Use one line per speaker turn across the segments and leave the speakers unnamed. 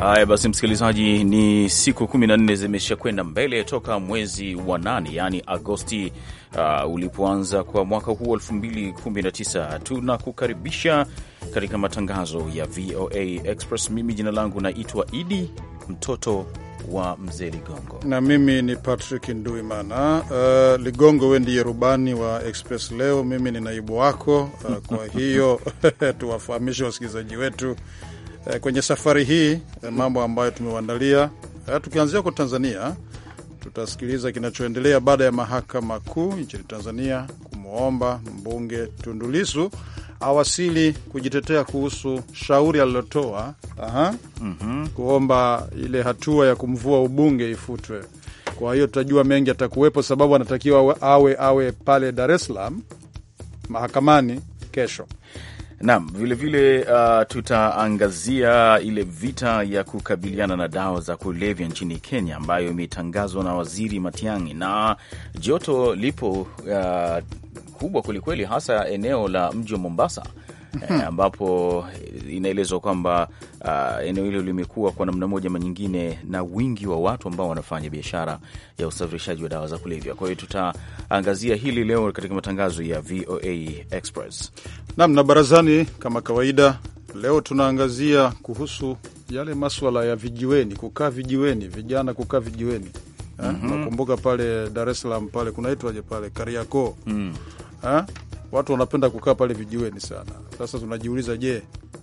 Haya basi, msikilizaji, ni siku 14 zimesha kwenda mbele toka mwezi wa nane, yaani Agosti uh, ulipoanza kwa mwaka huu 2019. Tunakukaribisha katika matangazo ya VOA Express. Mimi jina langu naitwa Idi mtoto wa mzee Ligongo
na mimi ni Patrick Nduimana. Uh, Ligongo, we ndiye rubani wa Express leo, mimi ni naibu wako. Uh, kwa hiyo tuwafahamishe wasikilizaji wetu Eh, kwenye safari hii, eh, mambo ambayo tumewaandalia. Eh, tukianzia kwa Tanzania, tutasikiliza kinachoendelea baada ya mahakama kuu nchini Tanzania kumwomba mbunge tundulisu awasili kujitetea kuhusu shauri alilotoa mm -hmm. kuomba ile hatua ya kumvua ubunge ifutwe. Kwa hiyo tutajua mengi, atakuwepo sababu anatakiwa awe awe pale Dar es Salaam mahakamani kesho.
Naam, vilevile uh, tutaangazia ile vita ya kukabiliana na dawa za kulevya nchini Kenya ambayo imetangazwa na Waziri Matiang'i na joto lipo uh, kubwa kwelikweli, hasa eneo la mji wa Mombasa eh, ambapo eh, inaelezwa kwamba uh, eneo hilo limekuwa kwa namna moja manyingine na wingi wa watu ambao wanafanya biashara ya usafirishaji wa dawa za kulevya. Kwa hiyo tutaangazia hili leo katika matangazo ya VOA Express
nam na barazani. Kama kawaida, leo tunaangazia kuhusu yale maswala ya vijiweni, kukaa vijiweni, vijana kukaa vijiweni. Eh, mhm. Nakumbuka mm -hmm. pale Dar es Salaam pale kunaitwaje pale Kariakoo mm. Eh, watu wanapenda kukaa pale vijiweni sana. Sasa tunajiuliza, je,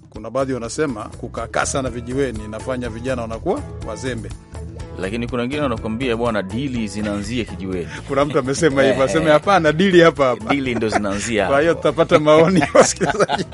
kuna baadhi wanasema kukaa sana vijiweni inafanya vijana wanakuwa wazembe,
lakini kuna wengine wanakuambia bwana, dili zinaanzia
kijiweni. Kuna mtu amesema hivyo, aseme eh. hapana, dili hapa hapa, dili ndo zinaanzia. Kwa hiyo tutapata maoni ya wasikilizaji.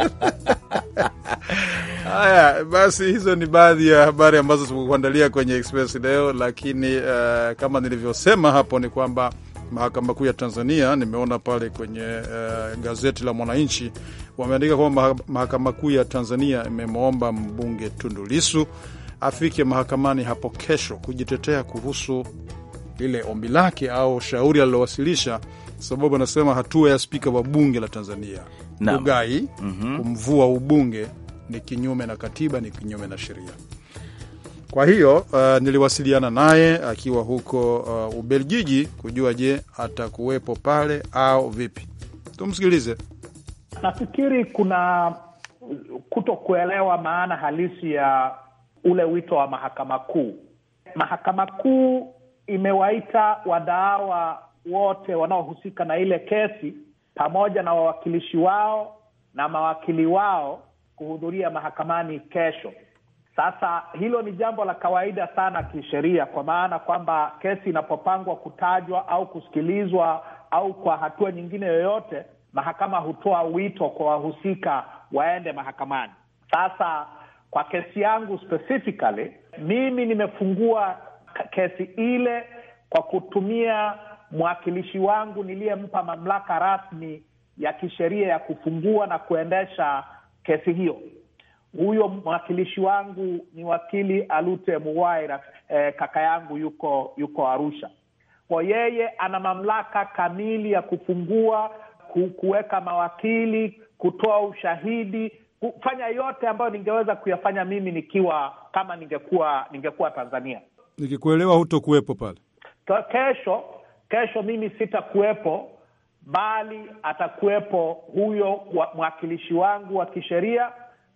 Haya basi, hizo ni baadhi ya habari ambazo tumekuandalia kwenye Express leo, lakini uh, kama nilivyosema hapo ni kwamba mahakama kuu ya Tanzania. Nimeona pale kwenye uh, gazeti la Mwananchi wameandika kwamba mahakama kuu ya Tanzania imemwomba mbunge Tundu Lissu afike mahakamani hapo kesho kujitetea kuhusu lile ombi lake au shauri alilowasilisha, sababu anasema hatua ya spika wa bunge la Tanzania Ugai mm -hmm. kumvua ubunge ni kinyume na katiba, ni kinyume na sheria. Kwa hiyo uh, niliwasiliana naye akiwa huko uh, Ubelgiji kujua je, atakuwepo pale au vipi. Tumsikilize.
Nafikiri kuna kuto kuelewa maana halisi ya ule wito wa mahakama kuu. Mahakama kuu imewaita wadaawa wote wanaohusika na ile kesi pamoja na wawakilishi wao na mawakili wao kuhudhuria mahakamani kesho. Sasa hilo ni jambo la kawaida sana kisheria, kwa maana kwamba kesi inapopangwa kutajwa au kusikilizwa au kwa hatua nyingine yoyote, mahakama hutoa wito kwa wahusika waende mahakamani. Sasa kwa kesi yangu specifically, mimi nimefungua kesi ile kwa kutumia mwakilishi wangu niliyempa mamlaka rasmi ya kisheria ya kufungua na kuendesha kesi hiyo huyo mwakilishi wangu ni wakili Alute Muwaira, eh, kaka yangu yuko yuko Arusha. Kwa yeye ana mamlaka kamili ya kufungua, kuweka mawakili, kutoa ushahidi, kufanya yote ambayo ningeweza kuyafanya mimi nikiwa kama ningekuwa ningekuwa Tanzania.
Nikikuelewa, hutokuwepo pale
kesho. Kesho mimi sitakuwepo, bali atakuwepo huyo mwakilishi wangu wa kisheria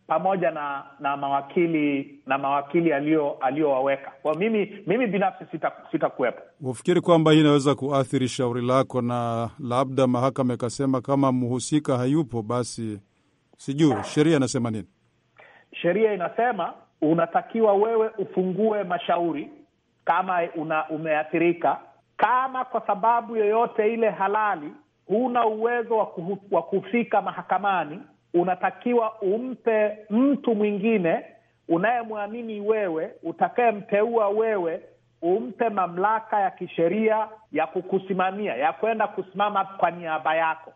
pamoja na na mawakili na mawakili aliyowaweka. Kwa mimi mimi binafsi sitakuwepo.
Sita ufikiri kwamba hii inaweza kuathiri shauri lako, na labda mahakama ikasema kama mhusika hayupo, basi sijui sheria inasema nini?
Sheria inasema unatakiwa wewe ufungue mashauri kama una, umeathirika kama kwa sababu yoyote ile halali huna uwezo wa kufika mahakamani unatakiwa umpe mtu mwingine unayemwamini wewe, utakayemteua wewe, umpe mamlaka ya kisheria ya kukusimamia, ya kwenda kusimama kwa niaba yako.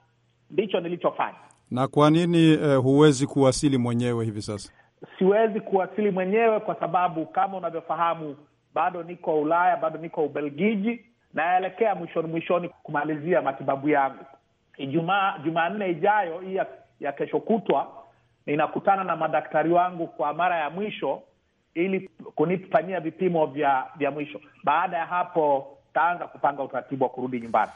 Ndicho nilichofanya.
Na kwa nini eh, huwezi kuwasili mwenyewe hivi sasa?
Siwezi kuwasili mwenyewe kwa sababu kama unavyofahamu, bado niko Ulaya, bado niko Ubelgiji, naelekea mwishoni mwishoni kumalizia matibabu yangu. Ijumaa, Jumanne ijayo hii ya ya kesho kutwa ninakutana na madaktari wangu kwa mara ya mwisho ili kunifanyia vipimo vya vya mwisho. Baada ya hapo taanza kupanga utaratibu wa kurudi nyumbani.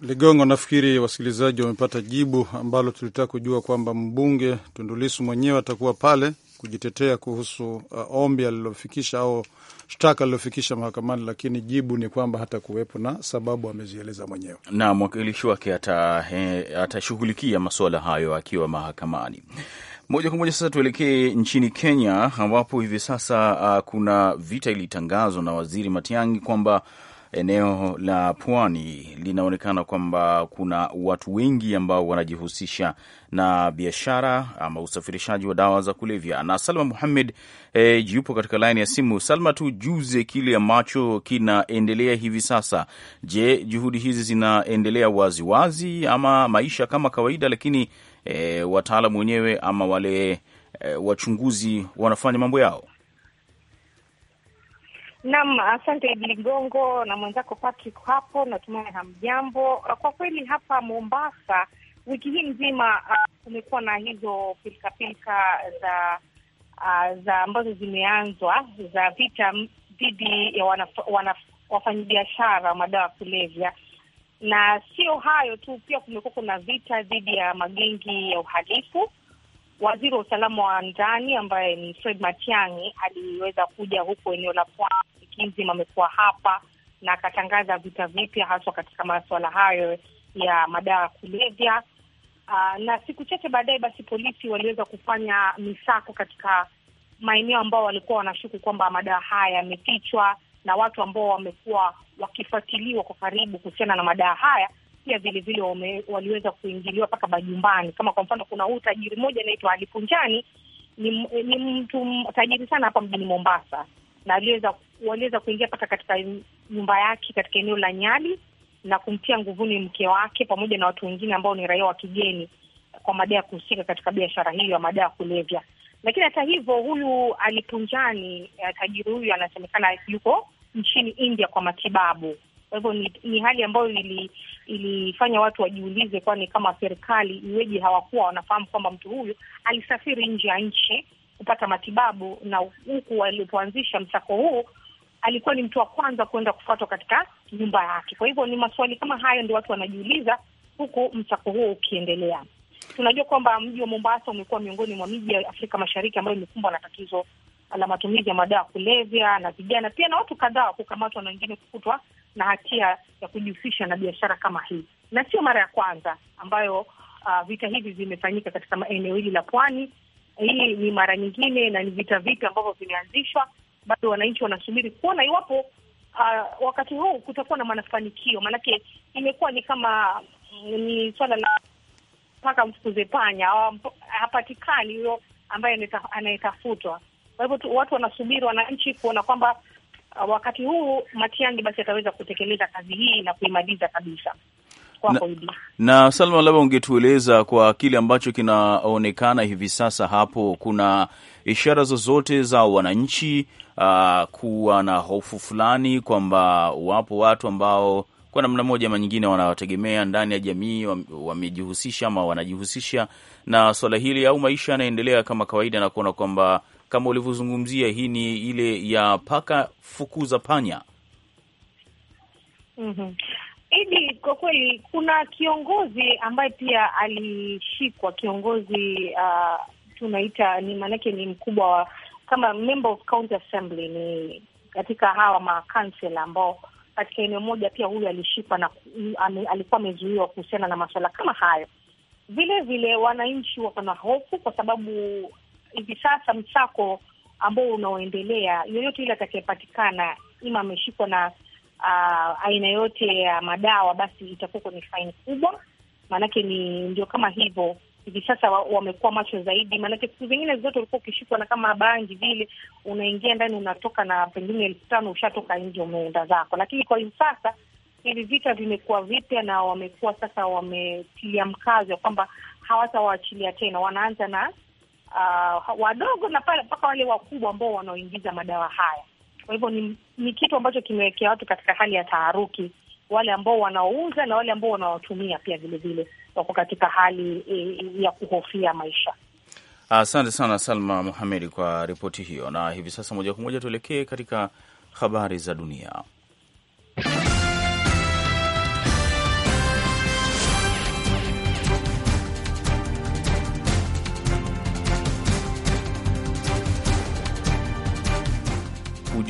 Ligongo, nafikiri wasikilizaji wamepata jibu ambalo tulitaka kujua kwamba mbunge Tundulisu mwenyewe atakuwa pale kujitetea kuhusu uh, ombi alilofikisha au shtaka alilofikisha mahakamani, lakini jibu ni kwamba hata kuwepo na sababu amezieleza mwenyewe,
na mwakilishi wake eh, atashughulikia masuala hayo akiwa mahakamani. Moja kwa moja sasa tuelekee nchini Kenya ambapo hivi sasa uh, kuna vita ilitangazwa na Waziri Matiang'i kwamba eneo la pwani linaonekana kwamba kuna watu wengi ambao wanajihusisha na biashara ama usafirishaji wa dawa za kulevya. Na Salma Muhamed e, eh, yupo katika laini ya simu. Salma, tujuze kile ambacho kinaendelea hivi sasa. Je, juhudi hizi zinaendelea waziwazi wazi, ama maisha kama kawaida, lakini e, wataalamu wenyewe ama wale e, wachunguzi wanafanya mambo yao?
Naam, asante Idi Ligongo na mwenzako Patrick hapo, natumai hamjambo. Kwa kweli hapa Mombasa wiki hii nzima ah, kumekuwa uh, na hizo pilikapilika za uh, za ambazo zimeanzwa za vita dhidi ya wafanyibiashara wafanyabiashara wa madawa ya kulevya, na sio hayo tu, pia kumekuwa kuna vita dhidi ya magengi ya uhalifu waziri wa usalama wa ndani ambaye ni Fred Matiang'i aliweza kuja huku eneo la pwani wiki nzima, amekuwa hapa na akatangaza vita vipya haswa katika masuala hayo ya madawa ya kulevya. Uh, na siku chache baadaye basi polisi waliweza kufanya misako katika maeneo ambao walikuwa wanashuku kwamba madawa haya yamefichwa na watu ambao wamekuwa wakifuatiliwa kwa karibu kuhusiana na madawa haya pia vilevile waliweza kuingiliwa mpaka majumbani. Kama kwa mfano, kuna huu tajiri mmoja anaitwa alipunjani ni, ni mtu tajiri sana hapa mjini Mombasa, na aliweza waliweza kuingia mpaka katika nyumba yake katika eneo la Nyali na kumtia nguvuni mke wake pamoja na watu wengine ambao ni raia wa kigeni kwa madai ya kuhusika katika biashara hiyo ya madawa ya kulevya. Lakini hata hivyo, huyu alipunjani eh, tajiri huyu anasemekana yuko nchini India kwa matibabu, kwa hivyo ni, ni hali ambayo ili, ilifanya watu wajiulize, kwani kama serikali iweje hawakuwa wanafahamu kwamba mtu huyu alisafiri nje ya nchi kupata matibabu, na huku walipoanzisha msako huu alikuwa ni mtu wa kwanza kuenda kufuatwa katika nyumba yake. Kwa hivyo ni maswali kama hayo ndio watu wanajiuliza, huku msako huo ukiendelea. Tunajua kwamba mji wa Mombasa umekuwa miongoni mwa miji ya Afrika Mashariki ambayo imekumbwa na tatizo la matumizi ya madawa kulevya na vijana pia na watu kadhaa kukamatwa na wengine kukutwa na hatia ya kujihusisha na biashara kama hii, na sio mara ya kwanza ambayo uh, vita hivi vimefanyika katika eneo hili la pwani. Hii ni mara nyingine na ni vita vipi ambavyo vimeanzishwa. Bado wananchi wanasubiri kuona iwapo uh, wakati huu kutakuwa na mafanikio, maanake imekuwa ni kama mm, ni swala la mpaka mfukuze panya, hapatikani huyo ambaye anayetafutwa. Kwa hivyo watu wanasubiri wananchi kuona kwamba Uh, wakati huu Matiang'i basi ataweza kutekeleza kazi hii na kuimaliza kabisa. Na,
na Salma, labda ungetueleza kwa kile ambacho kinaonekana hivi sasa hapo, kuna ishara zozote za wananchi uh, kuwa na hofu fulani kwamba wapo watu ambao kwa namna moja ama nyingine wanawategemea ndani ya jamii, wamejihusisha ama wanajihusisha na swala hili, au maisha yanaendelea kama kawaida na kuona kwamba kama ulivyozungumzia, hii ni ile ya paka fukuza panya.
mm -hmm. Idi, kwa kweli kuna kiongozi ambaye pia alishikwa kiongozi, uh, tunaita ni maanake ni mkubwa wa kama member of county assembly, ni katika hawa makansel ambao katika eneo moja pia huyu alishikwa na ame, alikuwa amezuiwa kuhusiana na masuala kama hayo. Vile vile wananchi wako na hofu kwa sababu hivi sasa msako ambao unaoendelea, yoyote ile atakayepatikana ima ameshikwa na uh, aina yote ya madawa, basi itakuwa ni faini kubwa. Maanake ni ndio kama hivyo hivi sasa wamekuwa macho zaidi, maanake siku zingine zote ulikuwa ukishikwa na kama bangi vile, unaingia ndani unatoka na pengine elfu tano ushatoka nje umeenda zako. Lakini kwa hivi sasa hivi vita vimekuwa vipya, na wamekuwa sasa wametilia mkazo ya kwamba hawatawaachilia tena, wanaanza na uh, wadogo na mpaka wale wakubwa ambao wanaoingiza madawa haya. Kwa hivyo ni, ni kitu ambacho kimewekea watu katika hali ya taharuki, wale ambao wanaouza na wale ambao wanaotumia pia vilevile wako katika hali e, e, ya kuhofia maisha.
Asante sana Salma Muhamedi kwa ripoti hiyo, na hivi sasa moja kwa moja tuelekee katika habari za dunia.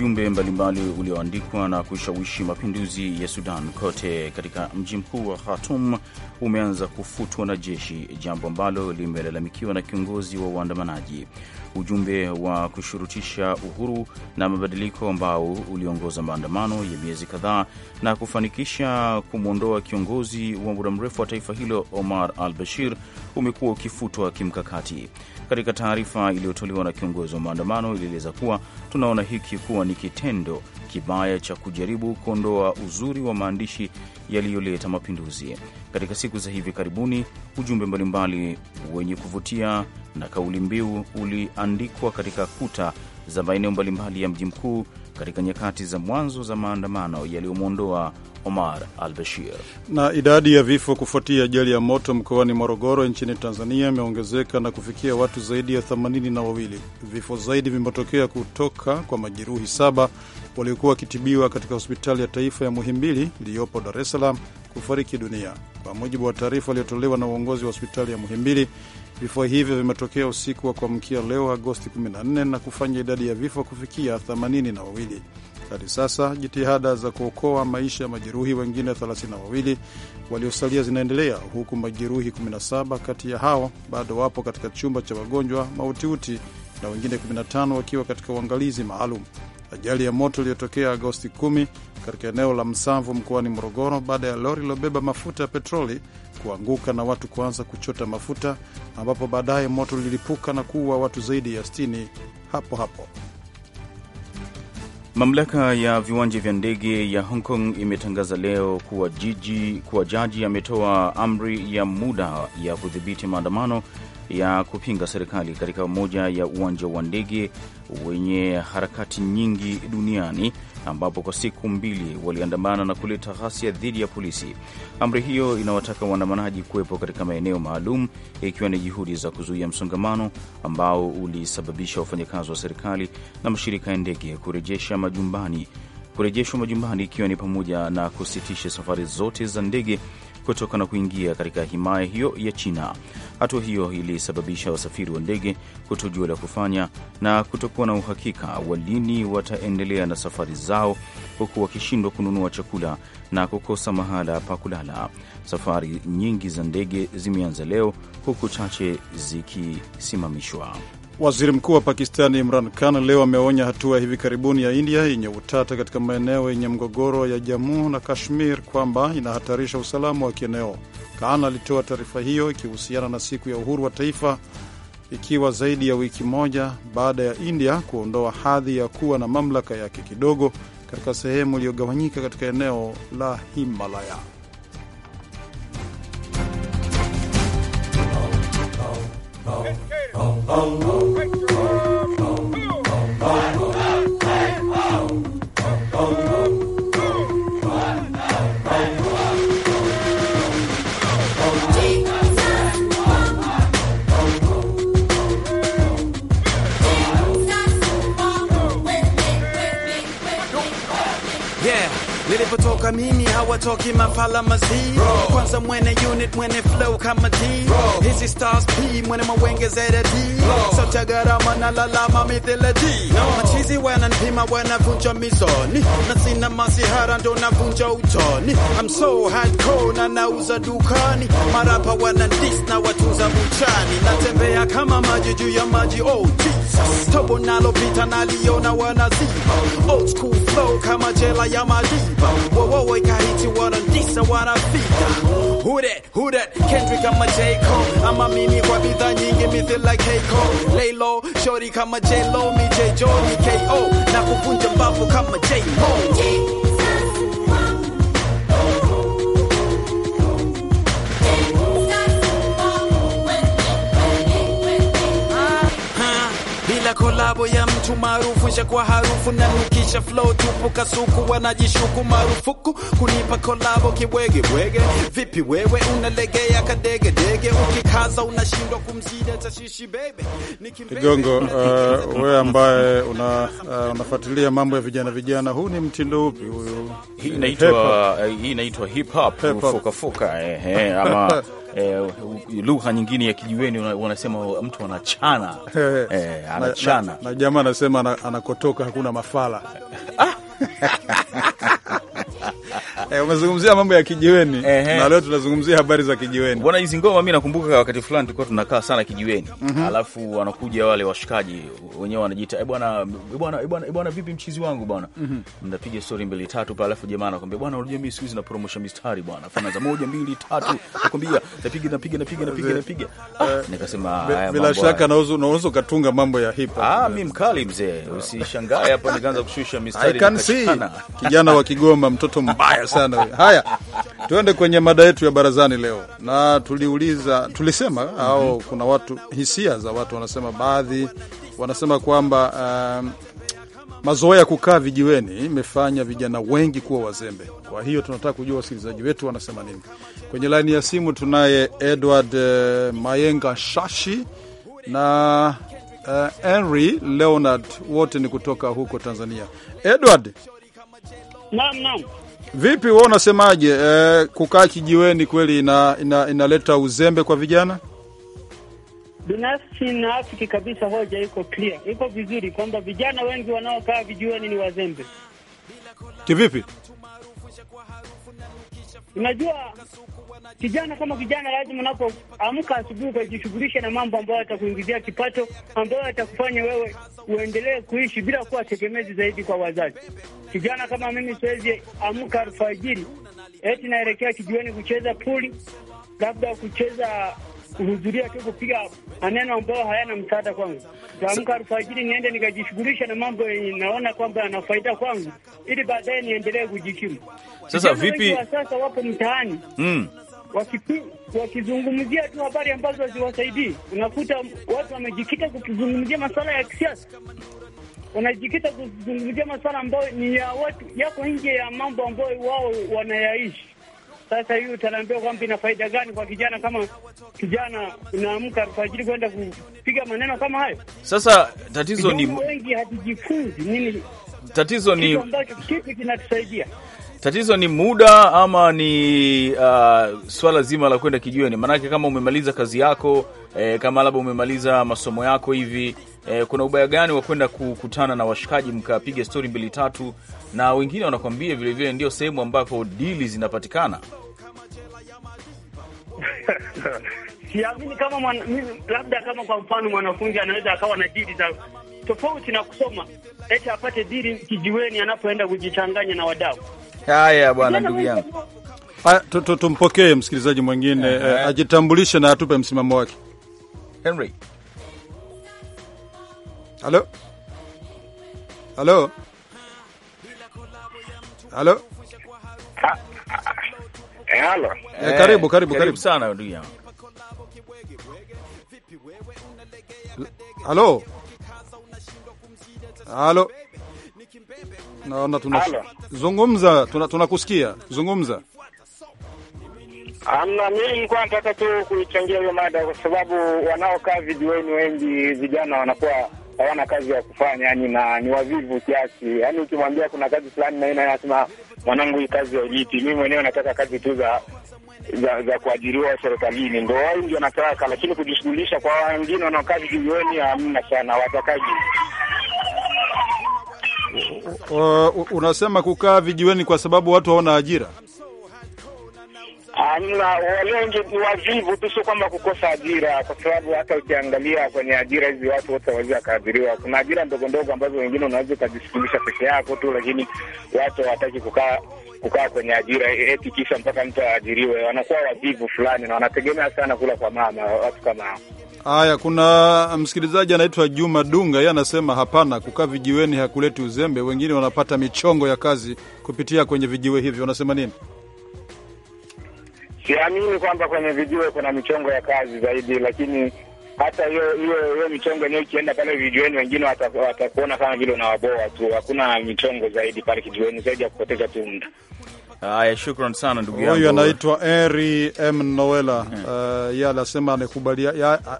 ujumbe mbalimbali ulioandikwa na kushawishi mapinduzi ya Sudan kote katika mji mkuu wa Khartoum umeanza kufutwa na jeshi, jambo ambalo limelalamikiwa na kiongozi wa waandamanaji. Ujumbe wa kushurutisha uhuru na mabadiliko ambao uliongoza maandamano ya miezi kadhaa na kufanikisha kumwondoa kiongozi wa muda mrefu wa taifa hilo Omar al Bashir umekuwa ukifutwa kimkakati. Katika taarifa iliyotolewa na kiongozi wa maandamano, ilieleza kuwa tunaona hiki kuwa ni kitendo kibaya cha kujaribu kuondoa uzuri wa maandishi yaliyoleta mapinduzi. Katika siku za hivi karibuni, ujumbe mbalimbali wenye kuvutia na kauli mbiu uliandikwa katika kuta za maeneo mbalimbali ya mji mkuu katika nyakati za mwanzo za maandamano yaliyomwondoa Omar al Bashir.
Na idadi ya vifo kufuatia ajali ya moto mkoani Morogoro nchini Tanzania imeongezeka na kufikia watu zaidi ya themanini na wawili. Vifo zaidi vimetokea kutoka kwa majeruhi saba waliokuwa wakitibiwa katika hospitali ya taifa ya Muhimbili iliyopo Dar es Salaam kufariki dunia, kwa mujibu wa taarifa iliyotolewa na uongozi wa hospitali ya Muhimbili. Vifo hivyo vimetokea usiku wa kuamkia leo Agosti 14 na kufanya idadi ya vifo kufikia 82. Hadi sasa jitihada za kuokoa maisha ya majeruhi wengine 32 waliosalia zinaendelea, huku majeruhi 17 kati ya hao bado wapo katika chumba cha wagonjwa mautiuti na wengine 15 wakiwa katika uangalizi maalum ajali ya moto iliyotokea Agosti 10 katika eneo la Msamvu mkoani Morogoro baada ya lori lilobeba mafuta ya petroli kuanguka na watu kuanza kuchota mafuta, ambapo baadaye moto lilipuka na kuua watu zaidi ya 60 hapo hapo.
Mamlaka ya viwanja vya ndege ya Hong Kong imetangaza leo kuwa jiji kuwa jaji ametoa amri ya muda ya kudhibiti maandamano ya kupinga serikali katika moja ya uwanja wa ndege wenye harakati nyingi duniani ambapo kwa siku mbili waliandamana na kuleta ghasia dhidi ya polisi. Amri hiyo inawataka waandamanaji kuwepo katika maeneo maalum, ikiwa ni juhudi za kuzuia msongamano ambao ulisababisha wafanyakazi wa serikali na mashirika ya ndege kurejeshwa majumbani, ikiwa ni pamoja na kusitisha safari zote za ndege kutoka na kuingia katika himaya hiyo ya China. Hatua hiyo ilisababisha wasafiri wa ndege kutojua la kufanya na kutokuwa na uhakika wa lini wataendelea na safari zao, huku wakishindwa kununua chakula na kukosa mahala pa kulala. Safari nyingi za ndege zimeanza leo, huku chache zikisimamishwa.
Waziri Mkuu wa Pakistani Imran Khan leo ameonya hatua hivi karibuni ya India yenye utata katika maeneo yenye mgogoro ya Jammu na Kashmir kwamba inahatarisha usalama wa kieneo. Khan alitoa taarifa hiyo ikihusiana na siku ya uhuru wa taifa, ikiwa zaidi ya wiki moja baada ya India kuondoa hadhi ya kuwa na mamlaka yake kidogo katika sehemu iliyogawanyika katika eneo la Himalaya. oh oh oh.
nilipotoka mimi hawatoki mafala mazi kwanza mwene unit mwene flow kama D hizi stars P mwene mawenge zedadi Sochagara analalama mideledi machizi wananipima wanavunja mizani na sina masihara ndo navunja utani I'm so hardcore na nauza dukani marapa wanandis na watunza buchani natembea kama maji juu ya maji oh Jesus tobo nalopita naliona zi. old school flow kama jela ya Wo wo wo, madiba wowowo ikahiti wana wanafika who that who that Kendrick ama J Cole I'm a mimi kwa bidhaa nyingi mithili like K Cole low, lay low, shorty kama J-Lo, mi J-Jo, K-O, na kuvunja mbavu kama J-Ho. na kolabo ya mtu maarufu nsha kwa harufu na nukisha flow tupu kasuku wanajishuku marufuku kunipa kolabo kibwegebwege vipi wewe unalegea kadegedege ukikaza unashindwa
kumzida tashishi bebe Kigongo uh, wewe ambaye una, uh, unafuatilia mambo ya vijana vijana huu ni mtindo upi huyu hii
inaitwa hip hop fuka fuka eh, eh, ama eh, lugha nyingine ya kijiweni wanasema mtu anachana
eh, anachana na, na, na jamaa anasema anakotoka hakuna mafala ah!
Eh, umezungumzia mambo ya
kijiweni na leo
tunazungumzia habari za kijiweni. Bwana hizi ngoma mimi nakumbuka wakati fulani tulikuwa tunakaa sana kijiweni. Mm -hmm. Alafu wanakuja wale washikaji wenyewe wanajiita, eh bwana, eh, bwana, eh, bwana, eh, bwana vipi mchizi wangu bwana. Mm -hmm. Mnapiga story mbili tatu pale alafu jamaa anakuambia bwana, unajua mimi siku hizi na promotion mistari bwana. Fanya za moja mbili tatu nakwambia napiga napiga napiga napiga napiga. ah, Nikasema
haya mambo. Bila shaka nauzu unaweza kutunga mambo ya hip hop. Ah, mimi mkali mzee. Usishangae hapo nikaanza kushusha mistari. I can see kijana wa Kigoma mtoto mbaya sana sana we. Haya, tuende kwenye mada yetu ya barazani leo, na tuliuliza, tulisema mm -hmm. au kuna watu, hisia za watu wanasema, baadhi wanasema kwamba um, mazoea kukaa vijiweni imefanya vijana wengi kuwa wazembe. Kwa hiyo tunataka kujua wasikilizaji wetu wanasema nini. Kwenye laini ya simu tunaye Edward uh, Mayenga Shashi na uh, Henry Leonard, wote ni kutoka huko Tanzania. Edward, naam naam. Vipi wewe unasemaje? eh, kukaa kijiweni kweli inaleta ina, ina uzembe kwa vijana?
Binafsi naafiki kabisa, hoja iko clear, iko vizuri kwamba vijana wengi wanaokaa vijiweni ni wazembe. Kivipi? Unajua Kijana kama kijana, lazima unapoamka asubuhi ukajishughulisha na mambo ambayo yatakuingizia kipato, ambayo yatakufanya wewe uendelee kuishi bila kuwa tegemezi zaidi kwa wazazi. Kijana kama mimi siwezi amka alfajiri eti naelekea kijiweni kucheza puli, labda kucheza kuhudhuria tu kupiga maneno ambayo hayana msaada kwangu. Taamka alfajiri niende nikajishughulisha na mambo yenye naona kwamba yana faida kwangu, ili baadaye niendelee kujikimu. Sasa vipi, sasa wapo mtaani mm wakizungumzia tu habari ambazo haziwasaidii, unakuta watu wamejikita kukizungumzia masuala ya kisiasa, wanajikita kuzungumzia masuala ambayo ni ya watu yako nje ya mambo ambayo wao wanayaishi. Sasa hiyo utaniambia kwamba ina faida gani kwa kijana kama kijana unaamka alfajiri kwenda kupiga maneno kama hayo?
Sasa tatizo ni
wengi hatujifunzi nini,
tatizo ni kitu
ambacho kipi kinatusaidia
Tatizo ni muda ama ni uh, swala zima la kwenda kijiweni? Maanake kama umemaliza kazi yako eh, kama labda umemaliza masomo yako hivi eh, kuna ubaya gani wa kwenda kukutana na washikaji mkapiga stori mbili tatu, na wengine wanakwambia vilevile ndio sehemu ambako dili zinapatikana.
Siamini kama labda kama kwa mfano mwanafunzi anaweza akawa na dili za tofauti na kusoma eti apate dili kijiweni anapoenda kujichanganya na wadau
Haya bwana, ndugu yangu, ah, tumpokee msikilizaji mwingine eh, ajitambulishe na atupe msimamo wake. Henry, halo halo halo
eh, halo, eh, eh, karibu karibu karibu
sana ndugu yangu.
Halo halo Naona tuna zungumza, tunakusikia tuna zungumza.
Amna, mimi nilikuwa nataka tu kuichangia hiyo mada kwa sababu wanaokaa vijiweni wengi vijana wanakuwa hawana kazi ya kufanya, yani na ni wavivu kiasi. Yani ukimwambia kuna kazi fulani na ina anasema mwanangu, hii kazi ya ujiti, mimi mwenyewe nataka kazi tu za za, za kuajiriwa serikalini, ndo wao ndio wanataka, lakini kujishughulisha kwa wengine wanaokaa vijiweni hamna sana watakaji
Unasema kukaa vijiweni kwa sababu watu hawana ajira?
Ah, wale wengi ni wavivu tu, sio kwamba kukosa ajira, kwa sababu hata ukiangalia kwenye ajira hizi watu wote hawawezi wakaajiriwa. Kuna ajira ndogo ndogo ambazo wengine unaweza ukajishughulisha peke yako tu, lakini watu hawataki kukaa kukaa kwenye ajira e, eti kisha mpaka mtu aajiriwe. Wanakuwa wavivu fulani na wanategemea sana kula kwa mama, watu kama hao.
Haya, kuna uh, msikilizaji anaitwa Juma Dunga, yeye anasema hapana, kukaa vijiweni hakuleti uzembe. Wengine wanapata michongo ya kazi kupitia kwenye vijiwe hivyo. Unasema nini?
Siamini kwamba kwenye vijiwe kuna michongo ya kazi zaidi, lakini hata hiyo hiyo hiyo michongo yenyewe ikienda pale vijiweni, wengine watakuona kama vile unawaboa tu.
Hakuna michongo zaidi pale kijiweni zaidi ya kupoteza tu muda.
Haya, shukran sana ndugu
yangu. Huyu anaitwa Henry M Noela. Uh, eh, yeye anasema amekubalia,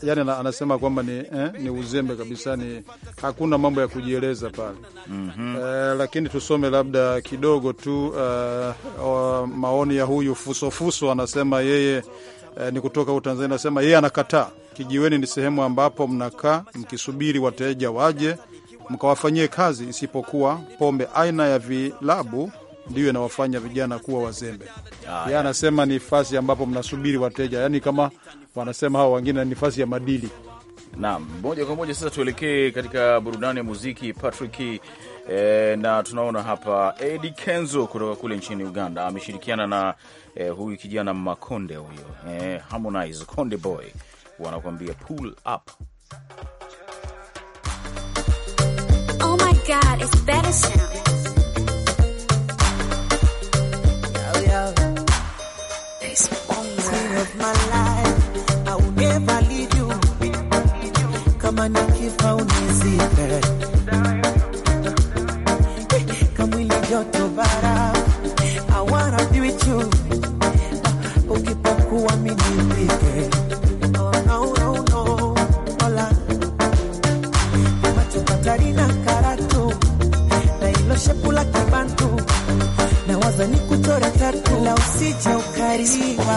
yani ya, anasema kwamba ni, eh, ni uzembe kabisa, ni hakuna mambo ya kujieleza pale mm -hmm. Uh, lakini tusome labda kidogo tu uh, maoni ya huyu Fusofuso anasema yeye uh, ni kutoka huko Tanzania. anasema yeye anakataa. Kijiweni ni sehemu ambapo mnakaa mkisubiri wateja waje mkawafanyie kazi, isipokuwa pombe aina ya vilabu ndiyo inawafanya vijana kuwa wazembe. Ah, Yeye anasema ni fasi ambapo mnasubiri wateja, yaani kama wanasema hawa wengine ni fasi ya madili.
Naam, moja kwa moja sasa tuelekee katika burudani ya muziki Patrick. E, na tunaona hapa Eddie Kenzo kutoka kule nchini Uganda ameshirikiana na e, huyu kijana Makonde huyo, e, Harmonize Konde Boy wanakuambia pull up.
Oh my God, it's better sound. love. Only of usicho ukariwa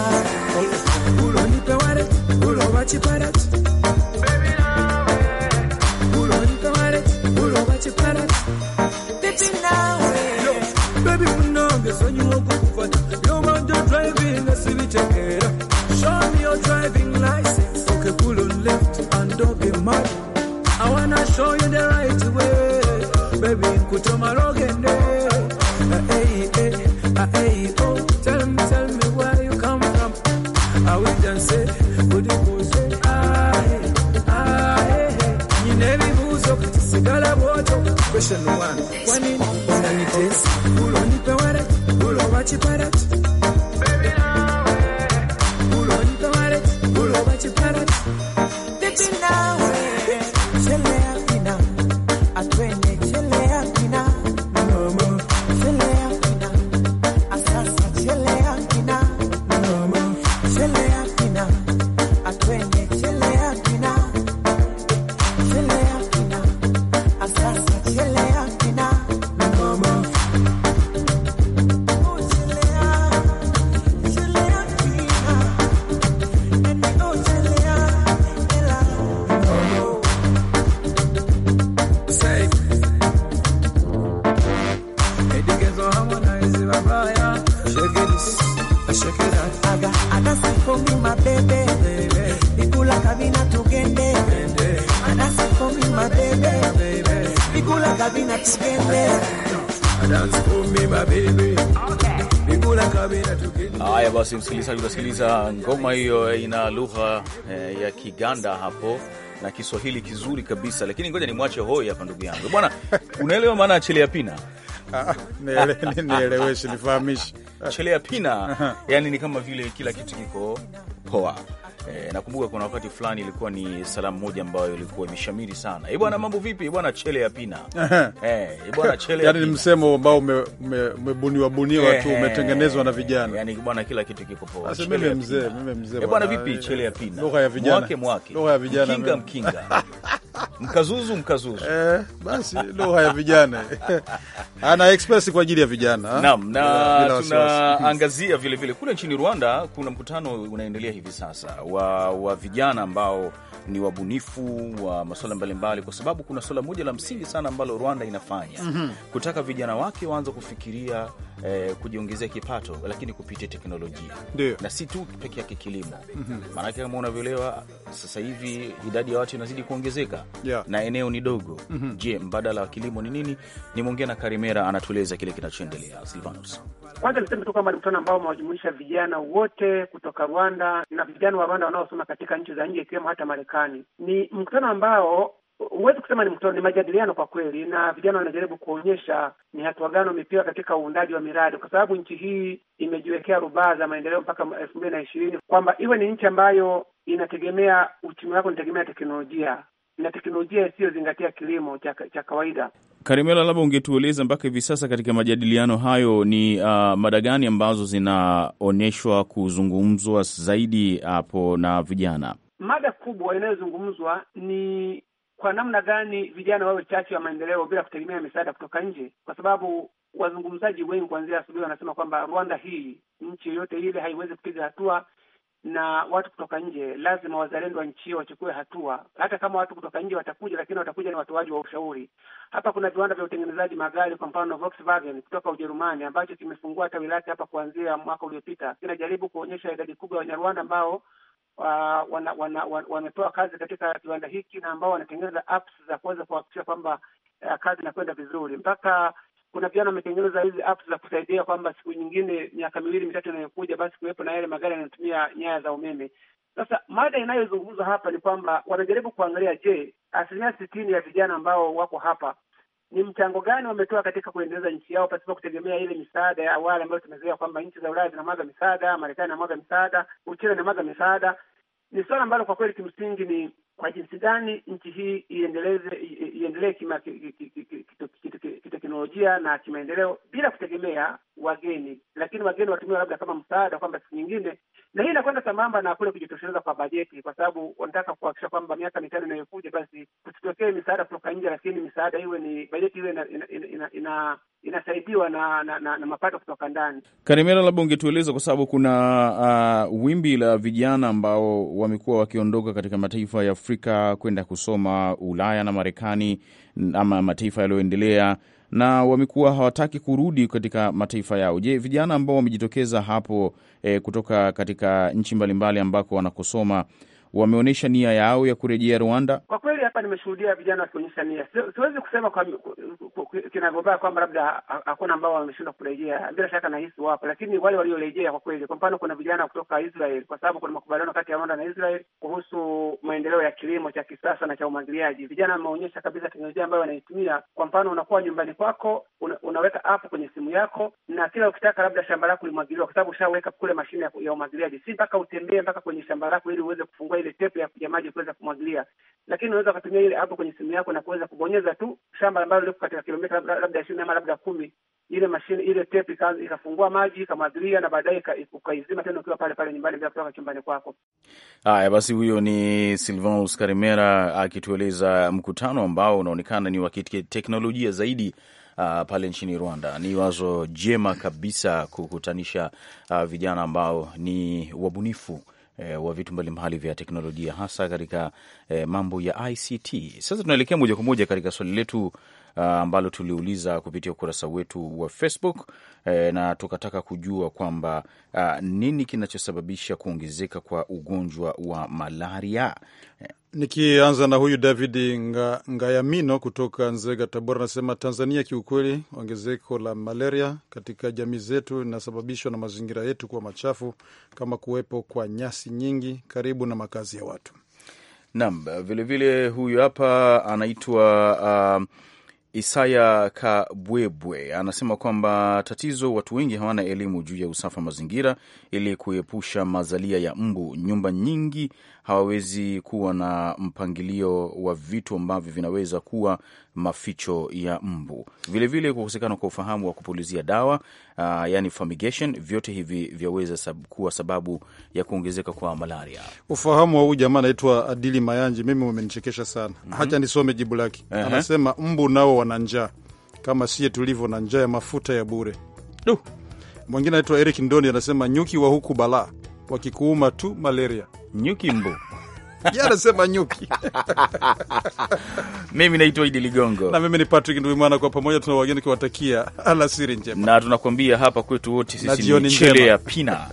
msikilizaji, unasikiliza ngoma hiyo, ina lugha eh, ya Kiganda hapo na Kiswahili kizuri kabisa, lakini ngoja ni mwache hoi hapa, ndugu yangu bwana. Unaelewa maana ya chelea pina? Ah, Nieleweshe, nifahamishe. Chelea pina yani ni kama vile kila kitu kiko poa E, nakumbuka kuna wakati fulani ilikuwa ni salamu moja ambayo ilikuwa imeshamiri sana. E bwana, mambo vipi? bwana, chele ya pina. E eh, bwana, chele. Yaani ni msemo
ambao umebuniwa buniwa tu, umetengenezwa na
vijana. Yaani bwana, kila kitu kiko poa. Sasa mimi mzee, mimi mzee. bwana, vipi chele ya pina? Lugha ya vijana. Mwake mwake. Lugha ya vijana. Mkinga mkinga.
Mkazuzu mkazuzu. Eh, basi lugha ya vijana. Ana express kwa ajili ya vijana. Naam, na tunaangazia
vile vile kule nchini Rwanda kuna mkutano unaendelea hivi sasa wa, wa vijana ambao ni wabunifu wa masuala mbalimbali, kwa sababu kuna suala moja la msingi sana ambalo Rwanda inafanya mm -hmm. kutaka vijana wake waanze kufikiria eh, kujiongezea kipato, lakini kupitia teknolojia Deo. na si tu peke yake kilimo mm -hmm. maanake kama unavyoelewa sasa hivi idadi ya watu inazidi kuongezeka yeah. na eneo ni dogo mm -hmm. Je, mbadala wa kilimo ni nini? Nimwongea na Karimera, anatueleza kile kinachoendelea. Silvanus,
kwanza niseme tu kwamba ni mkutano ambao umewajumuisha vijana wote kutoka Rwanda na vijana wa Rwanda wanaosoma katika nchi za nje ikiwemo hata Marekani madarakani. Ni mkutano ambao huwezi kusema ni mkutano, ni majadiliano kwa kweli, na vijana wanajaribu kuonyesha ni hatua gani wamepewa katika uundaji wa miradi, kwa sababu nchi hii imejiwekea rubaa za maendeleo mpaka elfu mbili na ishirini kwamba iwe ni nchi ambayo inategemea uchumi wake unategemea teknolojia na teknolojia isiyozingatia kilimo cha kawaida.
Karimela, labda ungetueleza mpaka hivi sasa katika majadiliano hayo ni uh, mada gani ambazo zinaonyeshwa kuzungumzwa zaidi hapo na vijana?
mada kubwa inayozungumzwa ni kwa namna gani vijana wawe chachu ya maendeleo bila kutegemea misaada kutoka nje, kwa sababu wazungumzaji wengi kuanzia asubuhi wanasema kwamba Rwanda hii, nchi yoyote ile haiwezi kupiga hatua na watu kutoka nje. Lazima wazalendo wa nchi hiyo wachukue hatua, hata kama watu kutoka nje watakuja, lakini watakuja ni watoaji wa ushauri. Hapa kuna viwanda vya utengenezaji magari, kwa mfano Volkswagen kutoka Ujerumani ambacho kimefungua tawi lake hapa kuanzia mwaka uliopita, kinajaribu kuonyesha idadi kubwa ya Wanyarwanda ambao wamepewa wana, wana, kazi katika kiwanda hiki na ambao wanatengeneza apps za kuweza kuhakikisha kwamba uh, kazi inakwenda vizuri. Mpaka kuna vijana wametengeneza hizi apps za kusaidia kwamba siku nyingine, miaka miwili mitatu inayokuja, basi kuwepo na yale magari yanayotumia nyaya za umeme. Sasa mada inayozungumzwa hapa ni kwamba wanajaribu kuangalia, je, asilimia sitini ya vijana ambao wako hapa ni mchango gani wametoa katika kuendeleza nchi yao pasipo kutegemea ile misaada ya awali ambayo tumezoea kwamba nchi za Ulaya zinamwaga misaada, Marekani inamwaga misaada, Uchina inamwaga misaada. Ni suala ambalo kwa kweli kimsingi ni kwa jinsi gani nchi hii iendeleze iendelee kiteknolojia na kimaendeleo bila kutegemea wageni, lakini wageni watumiwa labda kama msaada, kwamba siku nyingine na hii inakwenda sambamba na kule kujitosheleza kwa bajeti, kwa sababu wanataka kuhakikisha kwamba miaka mitano inayokuja basi tusitokee misaada kutoka nje, lakini misaada iwe ni bajeti iwe ina, ina, ina, ina inasaidiwa na, na, na, na mapato kutoka ndani.
Karimera, labda ungetueleza kwa sababu kuna uh, wimbi la vijana ambao wamekuwa wakiondoka katika mataifa ya Afrika kwenda kusoma Ulaya na Marekani ama mataifa yaliyoendelea na wamekuwa hawataki kurudi katika mataifa yao. Je, vijana ambao wamejitokeza hapo e, kutoka katika nchi mbalimbali ambako wanakosoma wameonyesha nia yao ya kurejea Rwanda? Kwa
kweli hapa nimeshuhudia vijana wakionyesha nia. Siwezi kusema kwa kwamba labda hakuna ambao wameshindwa kurejea, bila shaka nahisi wapo, lakini wale waliorejea kwa kweli, kwa mfano kuna vijana kutoka Israel kwa sababu kuna makubaliano kati ya Rwanda na Israel kuhusu maendeleo ya kilimo cha kisasa na cha umwagiliaji. Vijana wameonyesha kabisa teknolojia ambayo wanaitumia. Kwa mfano, unakuwa nyumbani kwako una, unaweka app kwenye simu yako, na kila ukitaka labda shamba lako limwagiliwa, kwa sababu ushaweka kule mashine ya umwagiliaji, si mpaka utembee mpaka kwenye shamba lako ili uweze kufungua ile tepe ya, ya maji kuweza kumwagilia, lakini unaweza ukatumia ile hapo kwenye simu yako na kuweza kubonyeza tu shamba ambalo liko katika kilomita labda ishirini ama labda kumi, ile mashine ile tepu ikafungua maji ikamwagilia, na baadaye ukaizima tena ukiwa pale pale nyumbani bila kutoka chumbani kwako.
Haya basi, huyo ni Silvanus Karimera akitueleza mkutano ambao unaonekana ni wa kiteknolojia zaidi. Uh, pale nchini Rwanda ni wazo jema kabisa kukutanisha uh, vijana ambao ni wabunifu Eh, wa vitu mbalimbali vya teknolojia hasa katika eh, mambo ya ICT. Sasa tunaelekea moja kwa moja katika swali letu ah, ambalo uh, tuliuliza kupitia ukurasa wetu wa Facebook eh, na tukataka kujua kwamba uh, nini kinachosababisha kuongezeka kwa ugonjwa wa malaria
eh, Nikianza na huyu David Ngayamino kutoka Nzega, Tabora, anasema Tanzania, kiukweli ongezeko la malaria katika jamii zetu linasababishwa na mazingira yetu kuwa machafu kama kuwepo kwa nyasi nyingi karibu na makazi ya watu.
Naam, vilevile huyu hapa anaitwa uh, Isaya Kabwebwe anasema kwamba tatizo, watu wengi hawana elimu juu ya usafi wa mazingira ili kuepusha mazalia ya mbu. Nyumba nyingi hawawezi kuwa na mpangilio wa vitu ambavyo vinaweza kuwa maficho ya mbu. Vilevile, kukosekana kwa ufahamu wa kupulizia dawa uh, yani fumigation, vyote hivi vyaweza sab kuwa sababu ya kuongezeka kwa malaria.
Ufahamu wa huyu jamaa anaitwa Adili Mayanji, mimi umenichekesha sana mm -hmm. Hacha nisome jibu lake uh -huh. Anasema mbu nao wana njaa kama sie tulivyo na njaa ya mafuta ya bure. Mwingine anaitwa Eric Ndoni anasema nyuki wa huku balaa wakikuuma tu malaria nyuki mbu anasema nyuki. Mimi naitwa Idi Ligongo na mimi ni Patrick Ndwimana. Kwa pamoja tuna wageni
kiwatakia alasiri njema, na tunakuambia hapa kwetu wote sisi ni chele ya pina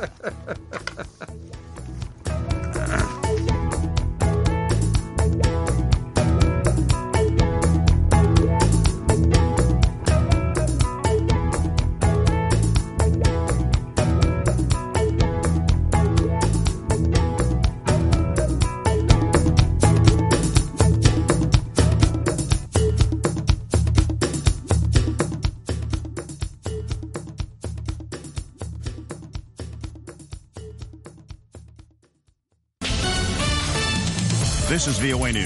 WOA News.